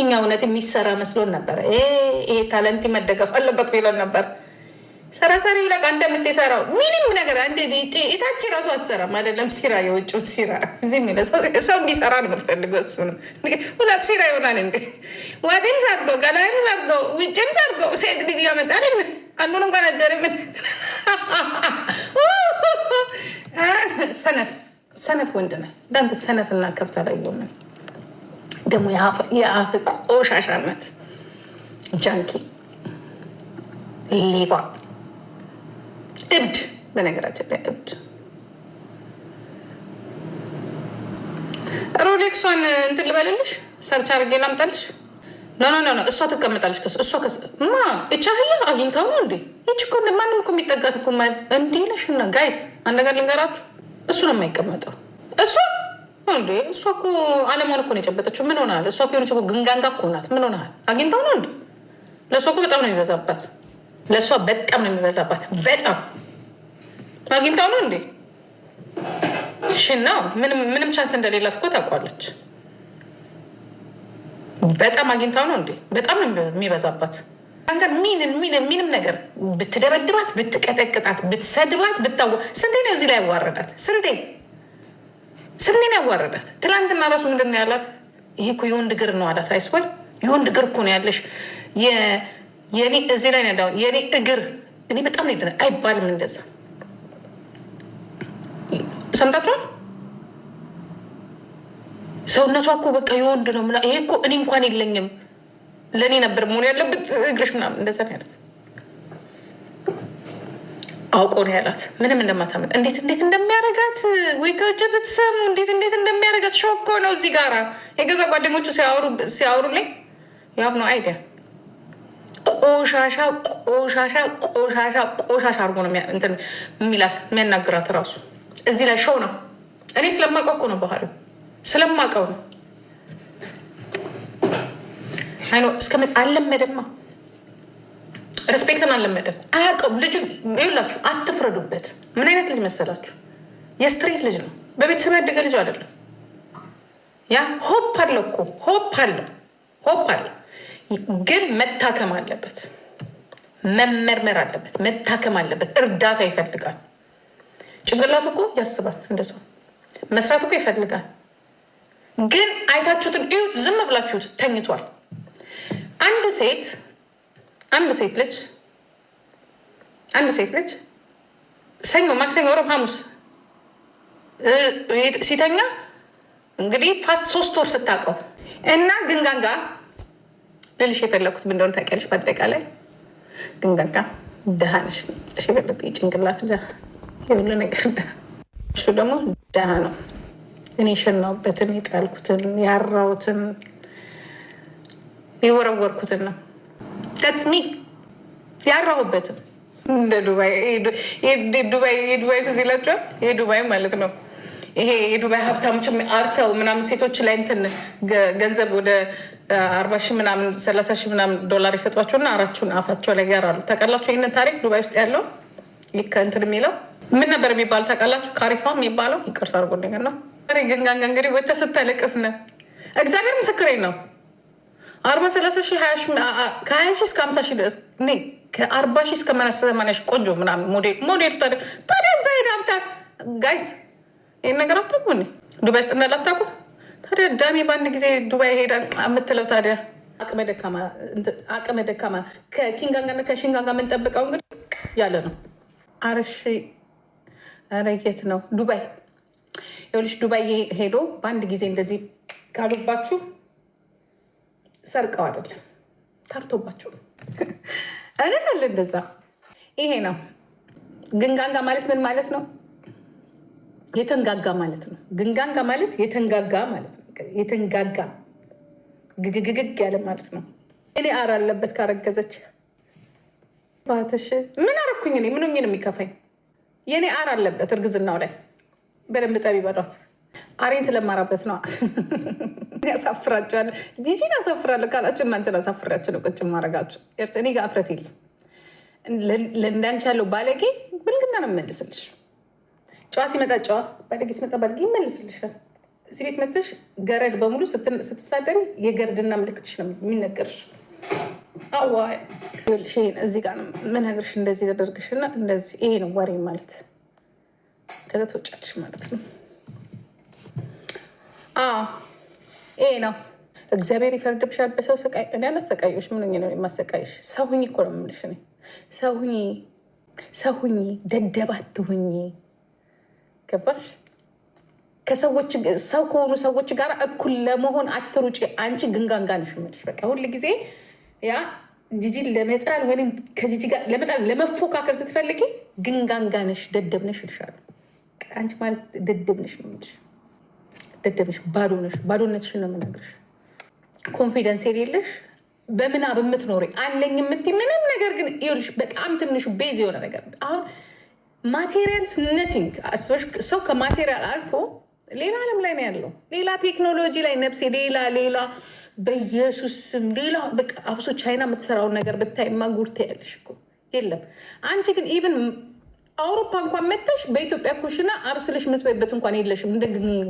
እኛ እውነት የሚሰራ መስሎን ነበረ። ይሄ ታለንት መደገፍ አለበት ብለን ነበር። ሰራሰሪ ብለቅ አንተ የምትሰራው ምንም ነገር አንተ እታች ራሱ አሰራም አይደለም። ሲራ የውጭ ሲራ እዚህ የሚለው ሰው እንዲሰራ ነው የምትፈልገው። እሱ ነው ሁለት ሲራ ይሆናል እንዴ? ዋቴም ሰርቶ ገላይም ሰርቶ ውጭም ሰርቶ ሴት ልጅ ያመጣል አንዱን እንኳን አጀር ሰነፍ ሰነፍ ወንድ ነህ እንዳንተ ሰነፍና ከብታ ላይ ሆነ ደግሞ የአፍ ቆሻሻነት ጃንኪ፣ ሌባ፣ እብድ። በነገራችን ላይ እብድ ሮሌክሷን እንትን ልበልልሽ፣ ሰርች አድርጌ ላምጣልሽ። ኖ ኖ ኖ፣ እሷ ትቀመጣለች። ከሱ እሷ ማ እቻህያ ህያ አግኝተው ነው እንዴ? ይች እኮ ማንም እኮ የሚጠጋት እኮ እንዴ ነሽ። እና ጋይስ አንድ ነገር ልንገራችሁ፣ እሱ ነው የማይቀመጠው እሷ እንዴ እሷ እኮ አለማን እኮ ነው የጨበጠችው። ምን ሆናል? እሷ እኮ የሆነች ግንጋንጋ እኮ ናት። ምን ሆናል? አግኝታው ነው እንዴ? ለእሷ እኮ በጣም ነው የሚበዛባት። ለእሷ በጣም ነው የሚበዛባት። በጣም አግኝታው ነው እንዴ? ሽና ምንም ቻንስ እንደሌላት እኮ ታውቋለች። በጣም አግኝታው ነው እንዴ? በጣም ነው የሚበዛባት። ምንም ነገር ብትደበድባት፣ ብትቀጠቅጣት፣ ብትሰድባት፣ ብታወ ስንቴ ነው እዚህ ላይ ያዋረዳት? ስንቴ ስምኔን ያዋረዳት። ትላንትና ራሱ ምንድን ነው ያላት? ይሄ እኮ የወንድ እግር ነው አላት። አይስወል የወንድ እግር እኮ ነው ያለሽ። የኔ እዚህ ላይ ያዳ የኔ እግር እኔ በጣም ነው ይደነ አይባልም። እንደዛ ሰምታችኋል። ሰውነቷ እኮ በቃ የወንድ ነው። ይሄ እኮ እኔ እንኳን የለኝም ለእኔ ነበር መሆን ያለበት እግርሽ ምናምን እንደዛ ነው ያለት። አውቆ ነው ያላት። ምንም እንደማታመጣ እንዴት እንዴት እንደሚያደርጋት ወይ ከውጭ ብትሰሙ እንዴት እንዴት እንደሚያደርጋት ሾኮ ነው። እዚህ ጋር የገዛ ጓደኞቹ ሲያወሩልኝ ያብ ነው አይዲያ ቆሻሻ ቆሻሻ ቆሻሻ ቆሻሻ አድርጎ ነው የሚላት የሚያናግራት እራሱ እዚህ ላይ ሾው ነው። እኔ ስለማውቀው እኮ ነው ባህሪው ስለማውቀው ነው። አይ ነው እስከምን አለመደማ ሪስፔክትን አለመደም አያውቅም ልጁ። ይላችሁ አትፍረዱበት። ምን አይነት ልጅ መሰላችሁ? የስትሬት ልጅ ነው። በቤተሰብ ያደገ ልጅ አይደለም። ያ ሆፕ አለው እኮ ሆፕ አለ ሆፕ አለው። ግን መታከም አለበት፣ መመርመር አለበት፣ መታከም አለበት። እርዳታ ይፈልጋል። ጭንቅላቱ እኮ ያስባል እንደሰው መስራት እኮ ይፈልጋል። ግን አይታችሁትን እዩት፣ ዝም ብላችሁት ተኝቷል። አንድ ሴት አንድ ሴት ልጅ አንድ ሴት ልጅ ሰኞ፣ ማክሰኞ፣ ሮብ፣ ሐሙስ ሲተኛ እንግዲህ ፋስት ሶስት ወር ስታውቀው እና ግንጋንጋ ልልሽ የፈለኩት ምን እንደሆነ ታውቂያለሽ? በአጠቃላይ ግንጋንጋ ደሃ ነሽ ልልሽ የፈለኩት የጭንቅላት የሁሉ ነገር ደሃ እሱ ደግሞ ደሃ ነው። እኔ የሸናውበትን የጣልኩትን ያራውትን የወረወርኩትን ነው ተስሚ ሚ ያራሁበትም እንደ ዱባይ የዱባይ ትዝ ይላቸዋል። የዱባይ ማለት ነው። ይሄ የዱባይ ሀብታሞች አርተው ምናምን ሴቶች ላይ እንትን ገንዘብ ወደ አርባ ሺህ ምናምን ሰላሳ ሺህ ምናምን ዶላር የሰጧቸውና አራችሁን አፋቸው ላይ ያራሉ። ታውቃላችሁ ይህንን ታሪክ ዱባይ ውስጥ ያለው ልክ እንትን የሚለው ምን ነበር የሚባለው ታውቃላችሁ? ካሪፋ የሚባለው ይቅርታ አድርጎ ነገር ነው። ግን እንግዲህ ወጥተህ ስታለቅስ ነው። እግዚአብሔር ምስክሬ ነው። አርባ ሰላሳ ሺህ ከሀያ ሺህ እስከ ሀምሳ ሺህ ከአርባ ሺህ እስከ ሰማንያ ሺህ ቆንጆ ምናምን ሞዴል ሞዴል ታዲያ ታዲያ እዛ ሄዳ ብታ ጋይስ ይህን ነገር አታውቁ እ ዱባይ ውስጥ እንዳለ አታውቁ። ታዲያ ዳሚ በአንድ ጊዜ ዱባይ ሄዳ የምትለው ታዲያ አቅመ ደካማ ከኪንጋንጋና ከሽንጋንጋ የምንጠብቀው እንግዲህ ያለ ነው። አረሺ ረጌት ነው ዱባይ የሁልሽ ዱባይ ሄዶ በአንድ ጊዜ እንደዚህ ካሉባችሁ ሰርቀው አይደለም ተርቶባቸው እውነት አለ። እንደዛ ይሄ ነው ግንጋንጋ ማለት ምን ማለት ነው? የተንጋጋ ማለት ነው። ግንጋንጋ ማለት የተንጋጋ ማለት ነው። የተንጋጋ ግግግግ ያለ ማለት ነው። እኔ አር አለበት ካረገዘች ባትሽ ምን አረኩኝ? እኔ ምንኝ ነው የሚከፋኝ? የእኔ አር አለበት እርግዝናው ላይ በደንብ ጠቢ በሏት። አሬን ስለማራበት ነው። ያሳፍራችኋል። ጂጂን አሳፍራለሁ ካላችሁ እናንተን አሳፍራችሁ ነው ቁጭ ማድረጋችሁ። እኔ ጋር እፍረት የለም። ለእንዳንቺ ያለው ባለጌ ብልግና ነው መልስልሽ። ጨዋ ሲመጣ ጨዋ፣ ባለጌ ሲመጣ ባለጌ ይመልስልሻል። እዚህ ቤት መጥተሽ ገረድ በሙሉ ስትሳደሪ የገረድና ምልክትሽ ነው የሚነገርሽ። አዋሽ እዚህ ጋር ምነግርሽ እንደዚህ ተደርግሽና እንደዚህ ይሄ ነው ወሬ ማለት ከዛ ተውጫለሽ ማለት ነው። ይሄ ነው እግዚአብሔር ይፈርድብሻል በሰው ስቃይ። እኔ አላሰቃየሁሽ። ምን ሆኜ ነው የማሰቃይሽ? ሰው ሁኚ እኮ ነው የምልሽ። እኔ ሰው ሁኚ፣ ሰው ሁኚ፣ ደደባት ሁኚ። ገባሽ? ከሰዎች ሰው ከሆኑ ሰዎች ጋር እኩል ለመሆን አትሩጪ። አንቺ ግንጋንጋ ነሽ የምልሽ። በቃ ሁል ጊዜ ያ ጂጂን ለመጣል ወይም ከጂጂ ጋር ለመጣል ለመፎካከር ስትፈልጊ ግንጋንጋ ነሽ፣ ደደብ ነሽ እልሻለሁ። አንቺ ማለት ደደብ ነሽ ነው የምልሽ። ደደብሽ፣ ባዶ ነሽ። ባዶነትሽን ነው የምነግርሽ። ኮንፊደንስ የሌለሽ በምናብ የምትኖሪ አለኝ የምትይ ምንም ነገር ግን ይኸውልሽ፣ በጣም ትንሹ ቤዝ የሆነ ነገር አሁን ማቴሪያልስ ነቲንግ አስበሽ፣ ሰው ከማቴሪያል አልፎ ሌላ ዓለም ላይ ነው ያለው። ሌላ ቴክኖሎጂ ላይ ነፍሴ፣ ሌላ ሌላ፣ በኢየሱስ ስም ሌላ። በቃ አብሶ ቻይና የምትሰራውን ነገር ብታይማ ጉርታ ያለሽ እኮ የለም። አንቺ ግን ኢቨን አውሮፓ እንኳን መተሽ በኢትዮጵያ ኩሽና አብስለሽ የምትበይበት እንኳን የለሽም። እንደ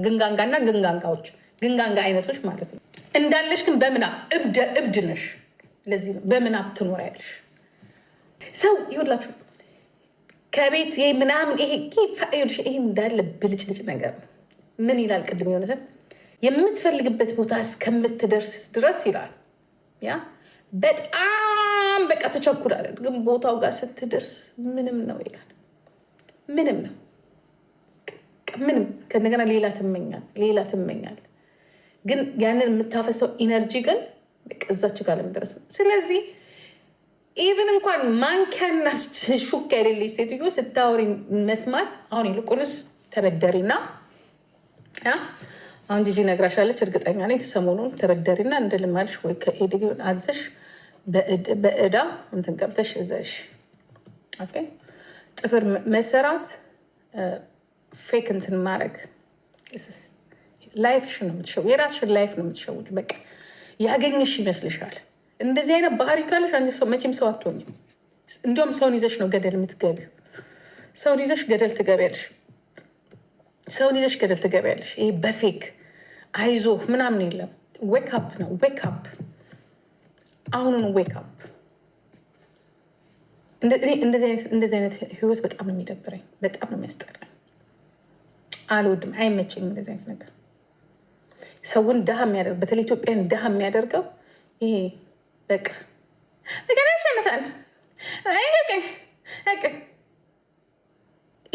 ግንጋንጋና ግንጋንጋዎች ግንጋንጋ አይነቶች ማለት ነው እንዳለሽ ግን በምናብ እብደ እብድ ነሽ። ለዚህ ነው በምናብ ትኖሪያለሽ። ሰው ይሁላችሁ ከቤት ምናምን ይሄ እንዳለ ብልጭልጭ ነገር ነው። ምን ይላል ቅድም የሆነ የምትፈልግበት ቦታ እስከምትደርስ ድረስ ይላል። ያ በጣም በቃ ተቸኩላለን፣ ግን ቦታው ጋር ስትደርስ ምንም ነው ይላል። ምንም ነው ምንም ከእንደገና ሌላ ትመኛል ሌላ ትመኛል። ግን ያንን የምታፈሰው ኢነርጂ ግን እዛችሁ ጋር ለመድረስ ነው። ስለዚህ ኢቭን እንኳን ማንኪያና ሹካ የሌለ ሴትዮ ስታወሪ መስማት አሁን ይልቁንስ ተበደሪና አሁን ጂጂ ነግራሻለች፣ እርግጠኛ ነኝ ሰሞኑን ተበደሪና እንደ ልማድሽ ወይ ከኤድግን አዘሽ በእዳ እንትን ገብተሽ እዘሽ ጥፍር መሰራት ፌክ እንትን ማድረግ ላይፍሽን ነው የምትሸው የራስሽን ላይፍ ነው የምትሸውጭ። በቃ ያገኘሽ ይመስልሻል። እንደዚህ አይነት ባህሪ ካለሽ አንቺ ሰው መቼም ሰው አትሆኝም። እንዲሁም ሰውን ይዘሽ ነው ገደል የምትገቢው። ሰውን ይዘሽ ገደል ትገቢያለሽ። ሰውን ይዘሽ ገደል ትገቢያለሽ። ይሄ በፌክ አይዞህ ምናምን የለም። ዌክ አፕ ነው ዌክ አፕ አሁኑን ዌክ አፕ እንደዚህ አይነት ህይወት በጣም ነው የሚደብረኝ፣ በጣም ነው የሚያስጠላኝ። አልወድም፣ አይመቸኝም እንደዚህ አይነት ነገር። ሰውን ድሃ የሚያደርግ በተለይ ኢትዮጵያን ድሃ የሚያደርገው ይሄ በቃ በቃ ያሸንፋል።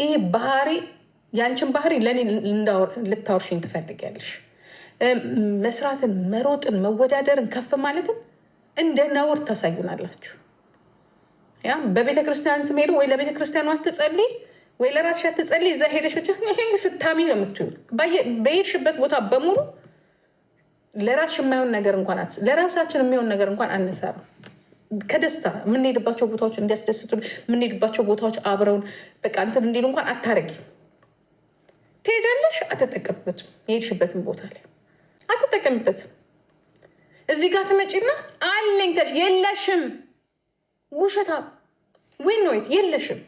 ይሄ ባህሪ ያንችን ባህሪ ለእኔ ልታወርሽኝ ትፈልጊያለሽ። መስራትን፣ መሮጥን፣ መወዳደርን፣ ከፍ ማለትን እንደ ነውር ታሳዩናላችሁ። ያ በቤተ ክርስቲያን ስም ሄዱ ወይ ለቤተ ክርስቲያኑ አትጸልይ ወይ ለራስሽ አትጸልይ። እዛ ሄደሽ ብቻ ስታሚ ነው የምትሆኑ። በሄድሽበት ቦታ በሙሉ ለራስሽ የማይሆን ነገር እንኳን ለራሳችን የሚሆን ነገር እንኳን አንሰራ ከደስታ የምንሄድባቸው ቦታዎች እንዲያስደስቱ የምንሄድባቸው ቦታዎች አብረውን በቃ እንትን እንዲሉ እንኳን አታረጊ። ትሄጃለሽ፣ አትጠቀምበትም። የሄድሽበትን ቦታ ላይ አትጠቀምበትም። እዚህ ጋር ትመጪና አለኝ ተሽ የለሽም ውሸታ ዌን ነው የለሽም።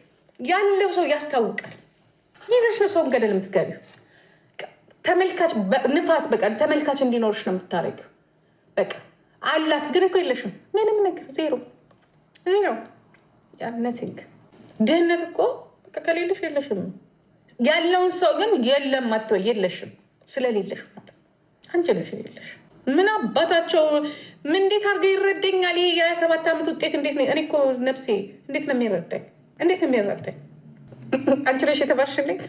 ያለው ሰው ያስታውቃል። ይዘሽ ነው ሰውን ገደል የምትገቢ። ተመልካች ንፋስ በቃ ተመልካች እንዲኖርሽ ነው የምታደረግ። በቃ አላት ግን እኮ የለሽም። ምንም ነገር ዜሮ ዜሮ። ያነቲንግ ድህነት እኮ ከሌለሽ የለሽም። ያለውን ሰው ግን የለም አትበይ። የለሽም ስለሌለሽ አንቺ ነሽ ምን አባታቸው ምን እንዴት አድርገ ይረደኛል? ይሄ የሀያ ሰባት ዓመት ውጤት እንዴት ነው? እኔ እኮ ነፍሴ እንዴት ነው የሚረዳኝ? እንዴት ነው የሚረዳኝ? አንቺ ነሽ የተባልሽልኝ።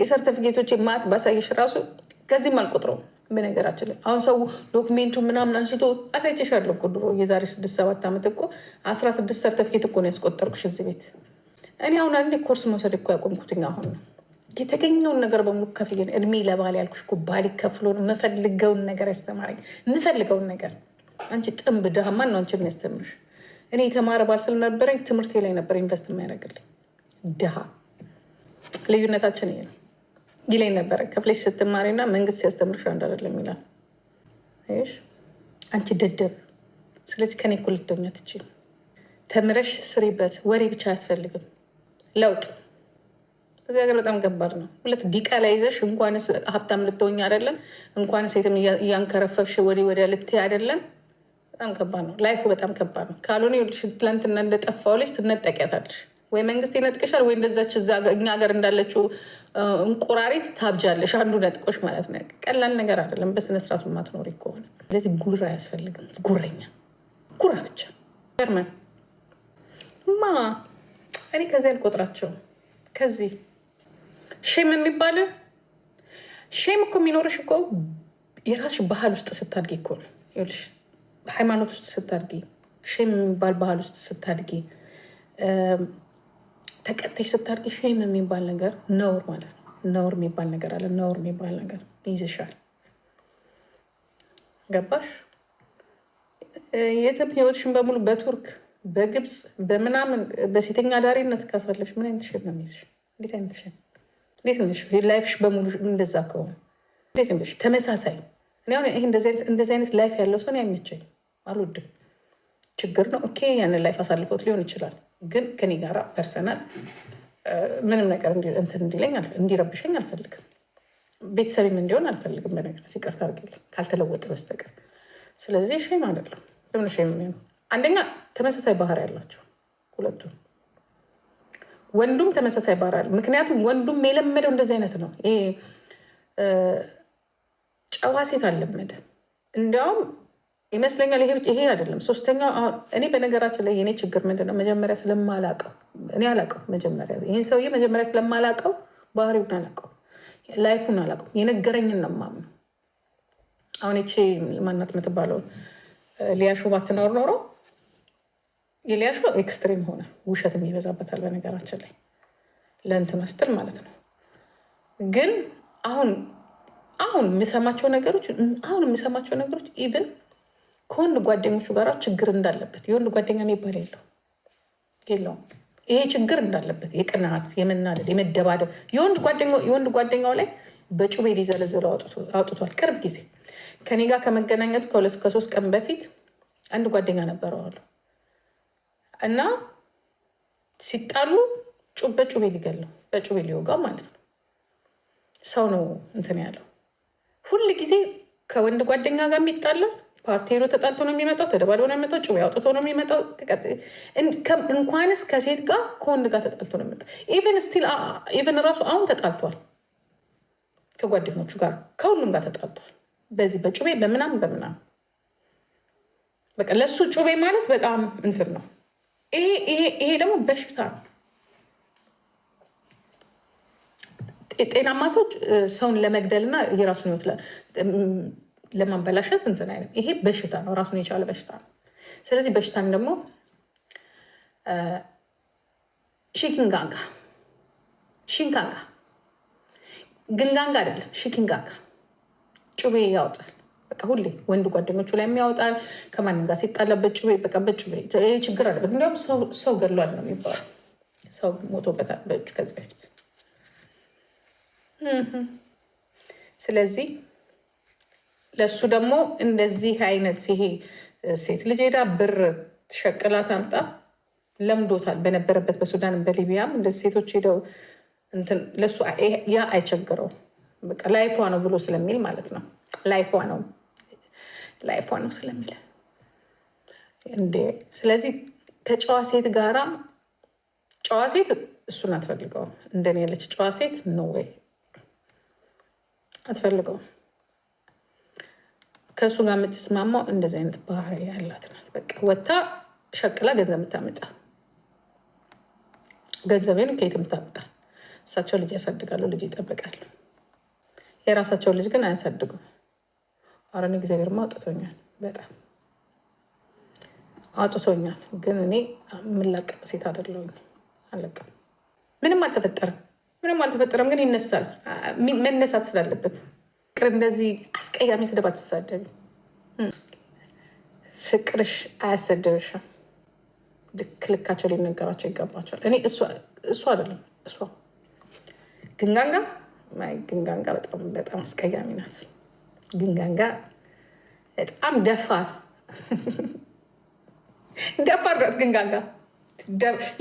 የሰርተፊኬቶች ማት ባሳይሽ ራሱ ከዚህም አልቆጥረውም። በነገራችን ላይ አሁን ሰው ዶክሜንቱ ምናምን አንስቶ አሳይቼሻለሁ እኮ ድሮ የዛሬ ስድስት ሰባት ዓመት እኮ አስራ ስድስት ሰርተፊኬት እኮ ነው ያስቆጠርኩሽ እዚህ ቤት። እኔ አሁን አንዴ ኮርስ መውሰድ እኮ ያቆምኩትኛ አሁን ነው የተገኘውን ነገር በሙሉ ከፍዬ እድሜ ለባል ያልኩሽ እኮ ባል ከፍሎ የምፈልገውን ነገር ያስተማረኝ የምፈልገውን ነገር። አንቺ ጥንብ ድሃ ማን ነው አንቺ የሚያስተምርሽ? እኔ የተማረ ባል ስለነበረኝ ትምህርቴ ላይ ነበር ኢንቨስት የሚያደርግልኝ። ድሃ ልዩነታችን ይሄ ነው ይለኝ ነበረ። ከፍለሽ ስትማሪና መንግስት ሲያስተምርሽ አንድ አይደለም ይላል። አንቺ ደደብ። ስለዚህ ከኔ እኮ ልትሆኛ ትችል። ተምረሽ ስሪበት። ወሬ ብቻ አያስፈልግም ለውጥ እዚህ ሀገር በጣም ከባድ ነው። ሁለት ዲቃላ ይዘሽ እንኳንስ ሀብታም ልትሆኝ አይደለም እንኳን ሴትም እያንከረፈፍሽ ወዲህ ወዲያ ልትይ አይደለም። በጣም ከባድ ነው። ላይፉ በጣም ከባድ ነው። ካልሆነ ይኸውልሽ ትላንትና እንደጠፋው ልጅ ትነጠቂያታለሽ። ወይ መንግስት ይነጥቅሻል፣ ወይ እንደዛች እኛ ሀገር እንዳለችው እንቁራሪት ታብጃለሽ። አንዱ ነጥቆሽ ማለት ነው። ቀላል ነገር አይደለም። በስነስርዓቱ ማትኖሪ ከሆነ ስለዚህ ጉራ አያስፈልግም። ጉረኛ ጉራ ብቻ ጀርመን ማ እኔ ከዚህ አልቆጥራቸውም ከዚህ ሼም የሚባል ሼም እኮ የሚኖርሽ እኮ የራስሽ ባህል ውስጥ ስታድጊ እኮ ይኸውልሽ ሃይማኖት ውስጥ ስታድጊ፣ ሼም የሚባል ባህል ውስጥ ስታድጊ፣ ተቀጥተሽ ስታድጊ ሼም የሚባል ነገር ነውር ማለት ነው። ነውር የሚባል ነገር አለ። ነውር የሚባል ነገር ይዝሻል። ገባሽ? የትም ህይወትሽን በሙሉ በቱርክ በግብፅ በምናምን በሴተኛ አዳሪነት ካሳለሽ ምን አይነት ሼም ነው የሚይዝሽ? እንዴት አይነት ሼም እንዴት ነው ላይፍሽ በሙሉ እንደዛ ከሆነ እንዴት ነው ተመሳሳይ? እኔ አሁን ይሄ እንደዚህ አይነት ላይፍ ያለው ሰው አይመቸኝ፣ አልወድም። ችግር ነው። ኦኬ ያንን ላይፍ አሳልፎት ሊሆን ይችላል፣ ግን ከኔ ጋራ ፐርሰናል ምንም ነገር እንትን እንዲለኝ እንዲረብሸኝ አልፈልግም። ቤተሰብም እንዲሆን አልፈልግም። በነገራችን ይቅርታ ካልተለወጠ በስተቀር ስለዚህ ሼም አይደለም። ለምን አንደኛ ተመሳሳይ ባህር ያላቸው ሁለቱም ወንዱም ተመሳሳይ ባህራል። ምክንያቱም ወንዱም የለመደው እንደዚህ አይነት ነው። ይሄ ጨዋ ሴት አለመደ። እንዲያውም ይመስለኛል ይሄ ይሄ አይደለም ሶስተኛው። አሁን እኔ በነገራችን ላይ የኔ ችግር ምንድን ነው? መጀመሪያ ስለማላቀው እኔ አላቀው። መጀመሪያ ይህን ሰውዬ መጀመሪያ ስለማላቀው ባህሪውን አላቀው፣ ላይፉን አላቀው። የነገረኝን ነው የማምነው። አሁን ቼ ማናት የምትባለው ሊያሾ ባትኖር ኖሮ ኤልያሾ ኤክስትሪም ሆነ። ውሸትም ይበዛበታል በነገራችን ላይ ለእንትን ስትል ማለት ነው። ግን አሁን አሁን የሚሰማቸው ነገሮች አሁን የሚሰማቸው ነገሮች ኢቨን ከወንድ ጓደኞቹ ጋር ችግር እንዳለበት የወንድ ጓደኛ የሚባል የለው የለውም። ይሄ ችግር እንዳለበት የቅናት፣ የመናደድ፣ የመደባደብ የወንድ ጓደኛው ላይ በጩቤ ሊዘለዝለው አውጥቷል። ቅርብ ጊዜ ከኔ ጋር ከመገናኘቱ ከሁለት ከሶስት ቀን በፊት አንድ ጓደኛ ነበረዋሉ እና ሲጣሉ በጩቤ ሊገለው በጩቤ ሊወጋ ማለት ነው። ሰው ነው እንትን ያለው። ሁል ጊዜ ከወንድ ጓደኛ ጋር የሚጣላል። ፓርቲ ሄዶ ተጣልቶ ነው የሚመጣው። ተደባዶ ነው የሚመጣው። ጩቤ አውጥቶ ነው የሚመጣው። እንኳንስ ከሴት ጋር ከወንድ ጋር ተጣልቶ ነው የሚመጣው። ኢቨን ስቲል ኢቨን ራሱ አሁን ተጣልቷል። ከጓደኞቹ ጋር ከሁሉም ጋር ተጣልቷል። በዚህ በጩቤ በምናምን በምናምን በቃ ለሱ ጩቤ ማለት በጣም እንትን ነው። ይሄ ደግሞ በሽታ ነው። ጤናማ ሰዎች ሰውን ለመግደል እና የራሱን ህይወት ለማበላሸት እንትን አይነት ይሄ በሽታ ነው። ራሱን የቻለ በሽታ ነው። ስለዚህ በሽታን ደግሞ ሺኪንጋንጋ ሺንካንጋ ግንጋንጋ አይደለም፣ ሺኪንጋንጋ ጩቤ ያወጣል። በቃ ሁሌ ወንድ ጓደኞቹ ላይ የሚያወጣል። ከማንም ጋር ሲጣላ በጭ በቃ በጭቤ ችግር አለበት። እንዲያውም ሰው ገሏል ነው የሚባለው። ሰው ሞቶበታል በእጁ ከዚህ በፊት። ስለዚህ ለእሱ ደግሞ እንደዚህ አይነት ይሄ ሴት ልጅ ሄዳ ብር ትሸቅላት አምጣ ለምዶታል። በነበረበት በሱዳን በሊቢያም እንደዚህ ሴቶች ሄደው ለእሱ ያ አይቸግረው በቃ ላይፏ ነው ብሎ ስለሚል ማለት ነው ላይፏ ነው ላይፏ ነው ስለሚል እንዴ። ስለዚህ ከጨዋ ሴት ጋራ ጨዋ ሴት እሱን አትፈልገውም። እንደኔ ያለች ጨዋ ሴት ነው ወይ አትፈልገውም። ከእሱ ጋር የምትስማማው እንደዚህ አይነት ባህሪ ያላት ናት። በቃ ወታ ሸቅላ ገንዘብ የምታመጣ ገንዘቤን ከየት የምታመጣ እሳቸው ልጅ ያሳድጋሉ፣ ልጅ ይጠብቃል የራሳቸውን ልጅ ግን አያሳድጉም። አረን እግዚአብሔር አውጥቶኛል፣ በጣም አውጥቶኛል። ግን እኔ የምላቀቅ ሴት አይደለሁኝ። አለቅም። ምንም አልተፈጠረም፣ ምንም አልተፈጠረም። ግን ይነሳል፣ መነሳት ስላለበት ፍቅር። እንደዚህ አስቀያሚ ስድብ አትሳደቢ። ፍቅርሽ አያሰደብሽም። ልክ ልካቸው ሊነገራቸው ይገባቸዋል። እኔ እሱ አይደለም እሷ ግንጋንጋ ግንጋንጋ በጣም በጣም አስቀያሚ ናት። ግንጋንጋ በጣም ደፋር ደፋር ናት ግንጋን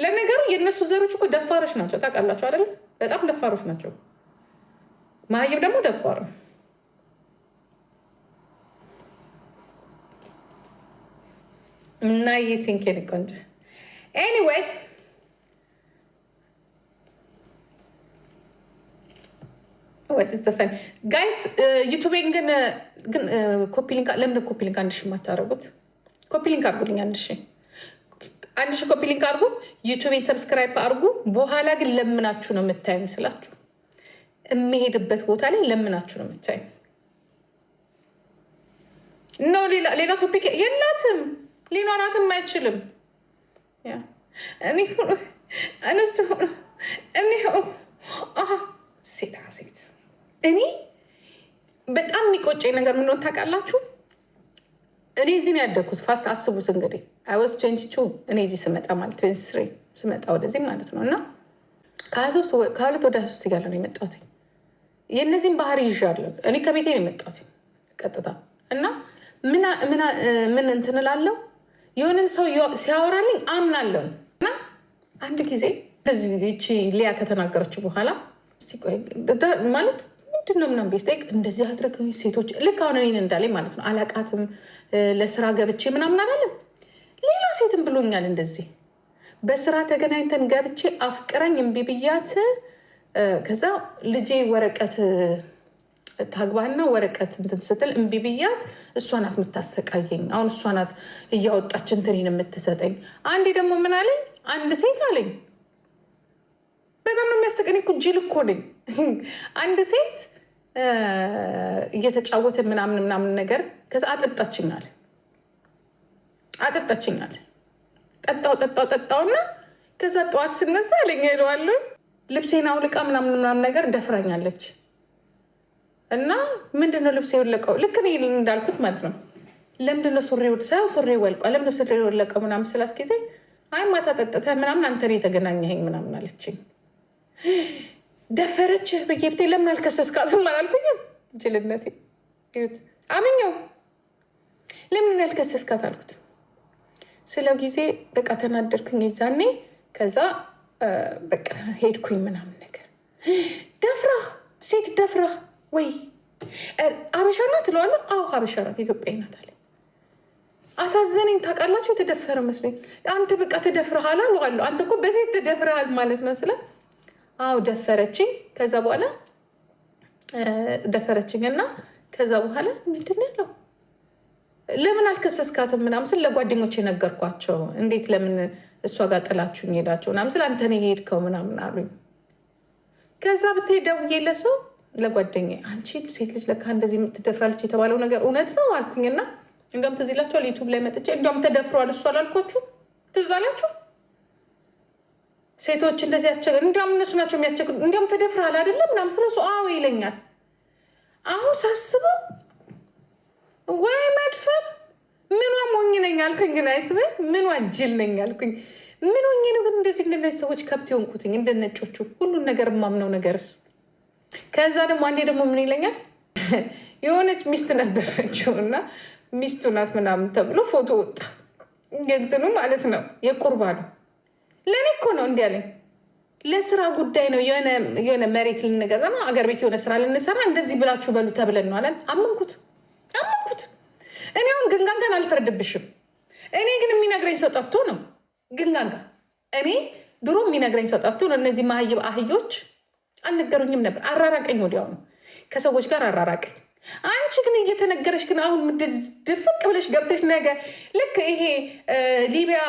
ለነገሩ የእነሱ ዘሮች እኮ ደፋሮች ናቸው። ታውቃላቸው አይደለ? በጣም ደፋሮች ናቸው። መሀይም ደግሞ ደፋር ነው። እና የቲንኬን ቆንጆ ኤኒዌይ ወይ ዘፈን ጋይስ ዩቱቤን uh, ግን uh, ግን ኮፒ uh, ሊንክ ለምን ኮፒ ሊንክ አንድ ሺ የማታደርጉት? ኮፒ ሊንክ አርጉልኝ አንድ ሺ አንድ ሺ ኮፒ ሊንክ አርጉ። ዩቱቤን ሰብስክራይብ አርጉ። በኋላ ግን ለምናችሁ ነው የምታዩ ስላችሁ የሚሄድበት ቦታ ላይ ለምናችሁ ነው የምታዩ። ኖ ሌላ ሌላ ቶፒክ የላትም ሊኖራትም አይችልም። እኔ እኔ እኔ በጣም የሚቆጨኝ ነገር ምን እንደሆነ ታውቃላችሁ? እኔ እዚህ ነው ያደግኩት። ፋስት አስቡት እንግዲህ አይወስ ትዌንቲ ቱ እኔ እዚህ ስመጣ ማለት ትዌንቲ ስሪ ስመጣ ወደዚህ ማለት ነው እና ከሁለት ወደ ሶስት እያለ ነው የመጣት የእነዚህም ባህሪ ይዣለሁ። እኔ ከቤቴ ነው የመጣት ቀጥታ እና ምን እንትንላለው እላለሁ የሆነን ሰው ሲያወራልኝ አምናለሁ እና አንድ ጊዜ ይቺ ሊያ ከተናገረችው በኋላ ማለት ምንድን ነው ምናምን ቤት እንደዚህ አድርግ ሴቶች ልክ አሁን እኔን እንዳለኝ ማለት ነው። አላቃትም ለስራ ገብቼ ምናምን አላለም። ሌላ ሴትም ብሎኛል እንደዚህ በስራ ተገናኝተን ገብቼ አፍቅረኝ እምቢ ብያት ከዛ ልጄ ወረቀት ታግባና ወረቀት እንትን ስትል እምቢ ብያት እሷ ናት የምታሰቃየኝ። አሁን እሷ ናት እያወጣች እንትኔን የምትሰጠኝ። አንዴ ደግሞ ምን አለኝ አንድ ሴት አለኝ በጣም ነው የሚያሰቀኝ። እኮ ጅል እኮ ነኝ። አንድ ሴት እየተጫወተ ምናምን ምናምን ነገር ከዛ አጠጣችኛል አጠጣችኛል። ጠጣው ጠጣው ጠጣውና ከዛ ጠዋት ስነሳ አለኛ ይለዋለሁ ልብሴን አውልቃ ምናምን ምናምን ነገር ደፍራኛለች። እና ምንድነው ልብሴ የወለቀው? ልክ እኔ እንዳልኩት ማለት ነው። ለምንድነው ሱሪ ሳይው ሱሪ ወልቋ ለምንድነው ሱሪ የወለቀው ምናምን ስላት ጊዜ አይ ማታ ጠጥተህ ምናምን አንተ ነው የተገናኘኸኝ ምናምን አለችኝ። ደፈረች በጌብቴ ለምን አልከሰስካትም አላልኩኝም? ጅልነቴ አምኛው ለምን ያልከሰስካት አልኩት። ስለው ጊዜ በቃ ተናደርኩኝ ዛኔ። ከዛ በቃ ሄድኩኝ ምናምን ነገር ደፍራ ሴት ደፍራ ወይ አበሻ ናት እለዋለሁ። አዎ አበሻ ናት ኢትዮጵያዊ ናት አለ። አሳዘነኝ ታውቃላችሁ፣ የተደፈረ መስሎኝ። አንተ በቃ ተደፍረሃል አለዋለሁ። አንተ እኮ በሴት ተደፍረሃል ማለት ነው ስለ አዎ ደፈረችኝ። ከዛ በኋላ ደፈረችኝ እና ከዛ በኋላ ምንድን ያለው ለምን አልከሰስካትም ምናምን ስል ለጓደኞች የነገርኳቸው እንዴት ለምን እሷ ጋር ጥላችሁ ሄዳቸው ምናምን ስል አንተ ነህ የሄድከው ምናምን አሉኝ። ከዛ ብታይ ደውዬ ለሰው ለጓደኛ አንቺ ሴት ልጅ ለካ እንደዚህ ትደፍራለች የተባለው ነገር እውነት ነው አልኩኝና እንደውም ትዝ ይላችኋል ዩቱብ ላይ መጥቼ እንደውም ተደፍሯል እሷ አላልኳችሁ ትዝ አላችሁ ሴቶች እንደዚህ ያስቸግ እንዲያውም እነሱ ናቸው የሚያስቸግሩ። እንዲያውም ተደፍረሃል አይደለም ምናምን ስለሱ አዎ ይለኛል። አሁን ሳስበው ወይ መድፈር ምኗ ሞኝ ነኝ አልኩኝ። ግን አይስበኝ ምኗ ጅል ነኝ አልኩኝ። ምን ሆኜ ነው ግን እንደዚህ እንደነዚህ ሰዎች ከብት የሆንኩትኝ እንደ ነጮቹ ሁሉን ነገር የማምነው ነገርስ። ከዛ ደግሞ አንዴ ደግሞ ምን ይለኛል የሆነች ሚስት ነበረችው እና ሚስቱ ናት ምናምን ተብሎ ፎቶ ወጣ። የእንትኑ ማለት ነው የቁርባ ነው ለእኔ እኮ ነው እንዲ ያለኝ። ለስራ ጉዳይ ነው የሆነ መሬት ልንገዛ ነው አገር ቤት የሆነ ስራ ልንሰራ እንደዚህ ብላችሁ በሉ ተብለን ነው አለን። አመንኩት አመንኩት። እኔ አሁን ግንጋንጋን አልፈርድብሽም። እኔ ግን የሚነግረኝ ሰው ጠፍቶ ነው ግንጋንጋ። እኔ ድሮ የሚነግረኝ ሰው ጠፍቶ ነው። እነዚህ ማህይብ አህዮች አልነገሩኝም ነበር። አራራቀኝ፣ ወዲያው ነው ከሰዎች ጋር አራራቀኝ። አንቺ ግን እየተነገረች ግን አሁን ምድድፍቅ ብለሽ ገብተሽ ነገ ልክ ይሄ ሊቢያ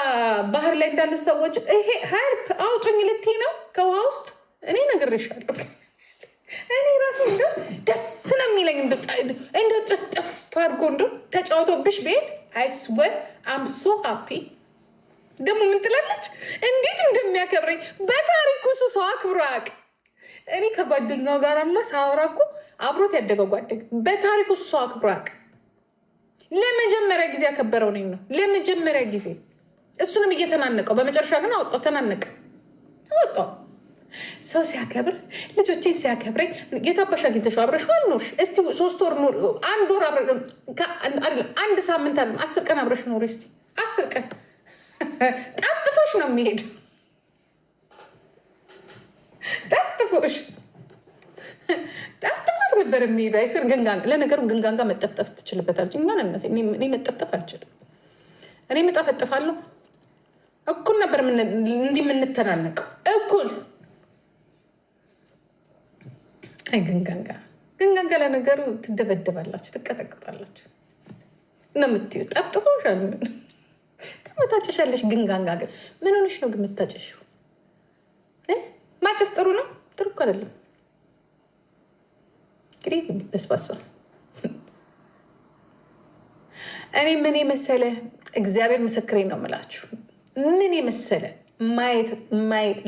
ባህር ላይ እንዳሉ ሰዎች ይሄ ሀርፕ አውጡኝ ልቴ ነው ከውሃ ውስጥ እኔ እነግርሻለሁ። እኔ ራሴ እንደ ደስ ነው የሚለኝ እንደ ጥፍጥፍ አድርጎ እንደ ተጫውቶብሽ ብሄድ አይስወን አም ሶ ሀፒ። ደግሞ ምን ትላለች? እንዴት እንደሚያከብረኝ በታሪኩ እሱ ሰው አክብሮ አያውቅም። እኔ ከጓደኛው ጋር ማ ሳወራ እኮ አብሮት ያደገው ጓደኛ በታሪኩ እሱ አክብሯቅ ለመጀመሪያ ጊዜ ያከበረው ነኝ ነው። ለመጀመሪያ ጊዜ እሱንም እየተናነቀው በመጨረሻ ግን አወጣው፣ ተናነቀ፣ አወጣው። ሰው ሲያከብር ልጆቼ ሲያከብረ የታባሽ አግኝተሽው አብረሽዋል ኖርሽ እስቲ ሶስት ወር አንድ ወር አንድ ሳምንት አለ አስር ቀን አብረሽ ኖር እስቲ አስር ቀን ጠፍጥፎሽ ነው የሚሄድ ጠፍጥፎሽ ነበር የሚሄደው። አይስር ግንጋንጋ ለነገሩ ግንጋንጋ መጠፍጠፍ ትችልበታል። ማንነት እኔ መጠፍጠፍ አልችልም። እኔ መጠፈጥፋለሁ። እኩል ነበር እንዲህ የምንተናነቀው እኩል። አይ ግንጋንጋ ግንጋንጋ ለነገሩ ትደበደባላችሁ፣ ትቀጠቅጣላችሁ ነው የምትይው። ጠፍጥፎሻል ደግሞ ታጨሻለሽ። ግንጋንጋ ግን ምን ሆነሽ ነው ግን የምታጨሺው? ማጨስ ጥሩ ነው? ጥሩ እኮ አይደለም። እንግዲህ በስባሳ እኔ ምን የመሰለ እግዚአብሔር ምስክሬ ነው የምላችሁ። ምን የመሰለ ማየት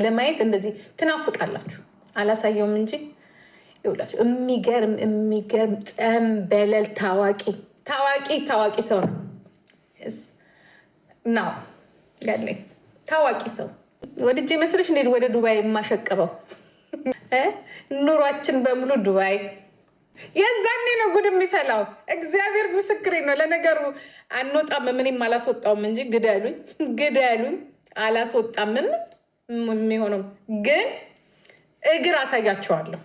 ለማየት እንደዚህ ትናፍቃላችሁ። አላሳየውም እንጂ ይውላችሁ። የሚገርም የሚገርም ጠንበለል ታዋቂ ታዋቂ ታዋቂ ሰው ነው ነው ያለኝ ታዋቂ ሰው ወድጄ መስለሽ እንዴት ወደ ዱባይ የማሸቅበው ኑሯችን በሙሉ ዱባይ የዛኔ ነው ጉድ የሚፈላው። እግዚአብሔር ምስክሬ ነው። ለነገሩ አንወጣም፣ ምንም አላስወጣውም እንጂ ግደሉኝ፣ ግደሉኝ አላስወጣምም። የሚሆነው ግን እግር አሳያቸዋለሁ።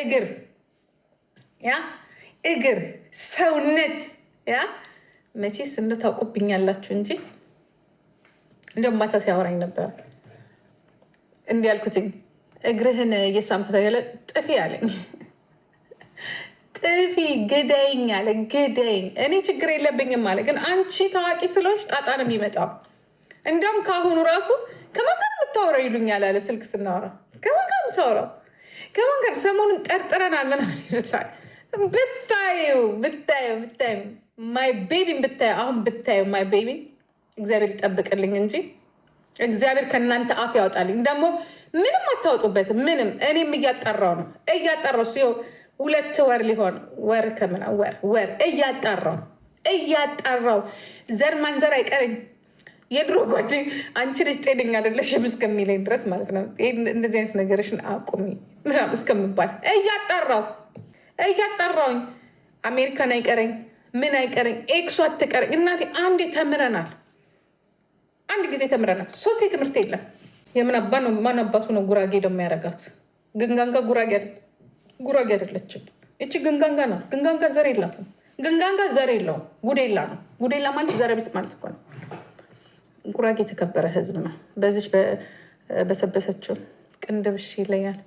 እግር ያ እግር ሰውነት ያ መቼስ እንደው ታውቁብኛላችሁ እንጂ እንደውም ማታ ሲያወራኝ ነበር እንዲህ ያልኩትኝ እግርህን እየሳምኩት ጥፊ አለኝ ጥፊ ግደኝ አለ። ግደኝ። እኔ ችግር የለብኝም አለ። ግን አንቺ ታዋቂ ስለሆንሽ ጣጣ ነው የሚመጣው። እንዲያውም ከአሁኑ ራሱ ከማን ጋር የምታወራው ይሉኛል አለ። ስልክ ስናወራ ከማን ጋር የምታወራው ከማን ጋር ሰሞኑን ጠርጥረናል ምናምን ይሉታል። ብታዩ ብታዩ ብታዩ ማይ ቤቢን ብታዩ አሁን ብታዩ ማይ ቤቢን እግዚአብሔር ይጠብቅልኝ እንጂ እግዚአብሔር ከእናንተ አፍ ያወጣልኝ። ደግሞ ምንም አታወጡበትም ምንም። እኔም እያጠራው ነው እያጠራው ሲሆን ሁለት ወር ሊሆን ወር ከምና ወር ወር እያጣራው እያጣራው ዘር ማንዘር አይቀርኝ የድሮ ጓደኝ አንቺ ልጅ ጤነኛ አይደለሽም እስከሚለኝ ድረስ ማለት ነው። እንደዚህ አይነት ነገርሽን አቁሚ ምናምን እስከምባል እያጣራው እያጣራውኝ አሜሪካን አይቀረኝ ምን አይቀረኝ ኤክሱ አትቀረኝ እናቴ። አንዴ ተምረናል፣ አንድ ጊዜ ተምረናል። ሶስቴ ትምህርት የለም። የምን አባ ነው ማን አባቱ ነው ጉራጌ ደሞ ያረጋት ግንጋንጋ ጉራጌ ጉራጌ አይደለችም። እቺ ግንጋንጋ ናት። ግንጋንጋ ዘር የላትም። ግንጋንጋ ዘር የለውም። ጉዴላ ነው። ጉዴላ ማለት ዘረቢስ ማለት እኮ ነው። ጉራጌ የተከበረ ህዝብ ነው። በዚች በሰበሰችው ቅንድብሽ ይለያል።